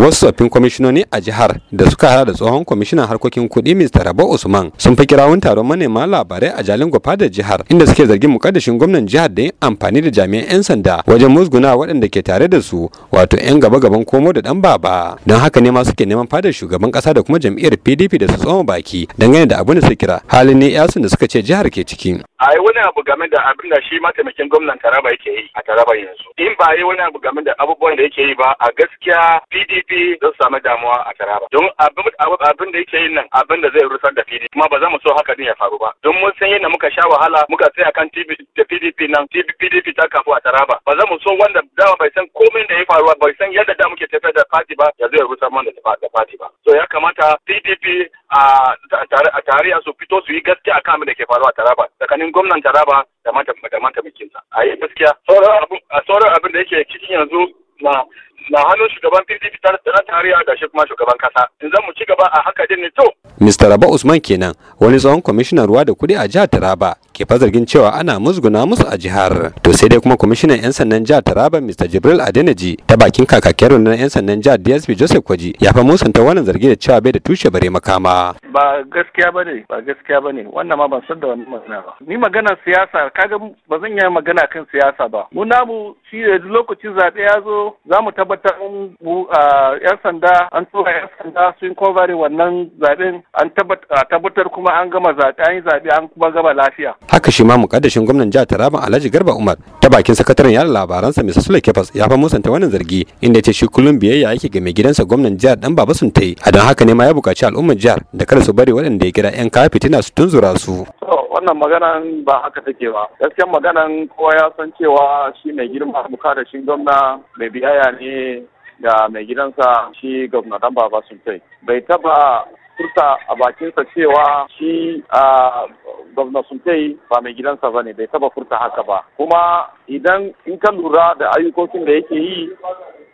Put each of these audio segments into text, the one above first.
wasu tsoffin kwamishinoni a jihar da suka hada da tsohon kwamishinan harkokin kuɗi mr rabo usman sun fi kirawun taron manema labarai a jalin gwafa da jihar inda suke zargin mukaddashin gwamnan jihar da yin amfani da jami'an 'yan sanda wajen musguna waɗanda ke tare da su wato 'yan gaba gaban komo da dan baba don haka ne ma suke neman fadar shugaban kasa da kuma jam'iyyar pdp da su tsoma baki dangane da abin da su kira halin ne yasun da suka ce jihar ke ciki a yi wani abu game da abin da shi mataimakin gwamnan Taraba yake yi a Taraba yanzu. In ba yi wani abu game da abubuwan da yake yi ba a gaskiya PDP zai samu damuwa a Taraba. Don abin da yake yi nan abin da zai rusar da PDP kuma ba za mu so haka din ya faru ba. Don mun san yadda muka sha wahala muka tsaya kan PDP nan PDP ta kafu a Taraba. Ba za mu so wanda dama bai san komai da ya faru ba bai san yadda da muke tafiyar da party ba ya zai rusar mana da party ba. to ya kamata pdp a tarayya su fito su yi gaskiya akan abin da ke faruwa taraba tsakanin gwamnan taraba da mataimakinsa a yi gaskiya sauran abin da yake cikin yanzu na na hannun shugaban pdp da tarayya da shi kuma shugaban kasa in zan mu ci gaba a haka din ne to mr raba usman kenan wani tsohon kwamishinan ruwa da kudi a jihar Taraba ke zargin cewa ana musguna musu a jihar. To sai dai kuma kwamishinan 'yan sandan jihar Taraba Mr. Jibril Adenaji ta bakin kakakiyar rundunar 'yan sandan jihar DSP Joseph Kwaji ya fa musanta wannan zargi da cewa bai da tushe bare makama. Ba gaskiya ba ba gaskiya ba wannan ma ban san da magana ba. Ni magana siyasa, kaga ba zan yi magana kan siyasa ba. Mu namu shi da lokacin zaɓe ya zo za mu tabbatar mu 'yan sanda an tura 'yan sanda sun kovare wannan zaɓen an tabbatar kuma kuma an gama zaɓe an yi zaɓe an kuma gama lafiya. Haka shi ma mukaddashin gwamnan jihar Taraba Alhaji Garba Umar ta bakin sakataren yada labaransa Mr. Sule Kefas ya fa musanta wannan zargi inda ya ce shi kullum biyayya yake ga mai gidansa gwamnan jihar Dan Baba sun Suntai a don haka ne ma ya buƙaci al'ummar jihar da kada su bari waɗanda ya kira 'yan kaya fitina su tunzura su. wannan maganan ba haka take ba gaskiyan maganan kowa ya san cewa shi mai girma mukaddashin gwamna mai biyayya ne da mai gidansa shi gwamna Dan Baba Suntai bai taba furta a bakinsa cewa shi a gwamna suntai ba mai gidansa ba ne bai taba furta haka ba kuma idan in ka lura da ayyukokin da yake yi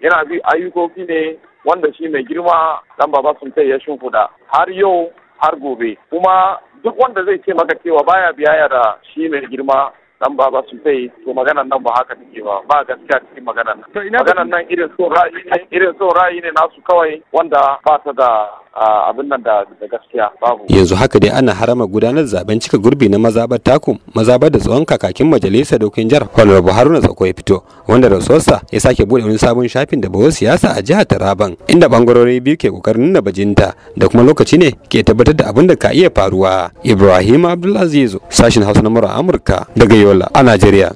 yana bi ayyukoki ne wanda shi mai girma dan baba suntai ya shimfuda har yau har gobe kuma duk wanda zai ce maka cewa baya biyayya da shi mai girma dan baba su sai to maganan nan ba haka take ba ba gaskiya cikin maganan nan maganan nan irin so ra'ayi ne irin so ra'ayi ne nasu kawai wanda ba ta da abin nan da gaskiya babu yanzu haka dai ana harama gudanar zaben cika gurbi na mazabar taku mazabar da tsohon kakakin majalisa dokin jihar honorable haruna tsako ya fito wanda rasuwarsa ya sake bude wani sabon shafin da bawo siyasa a jihar taraban inda bangarori biyu ke kokarin nuna bajinta da kuma lokaci ne ke tabbatar da abin da ka iya faruwa ibrahim abdulaziz sashin hausa na amurka daga yola a najeriya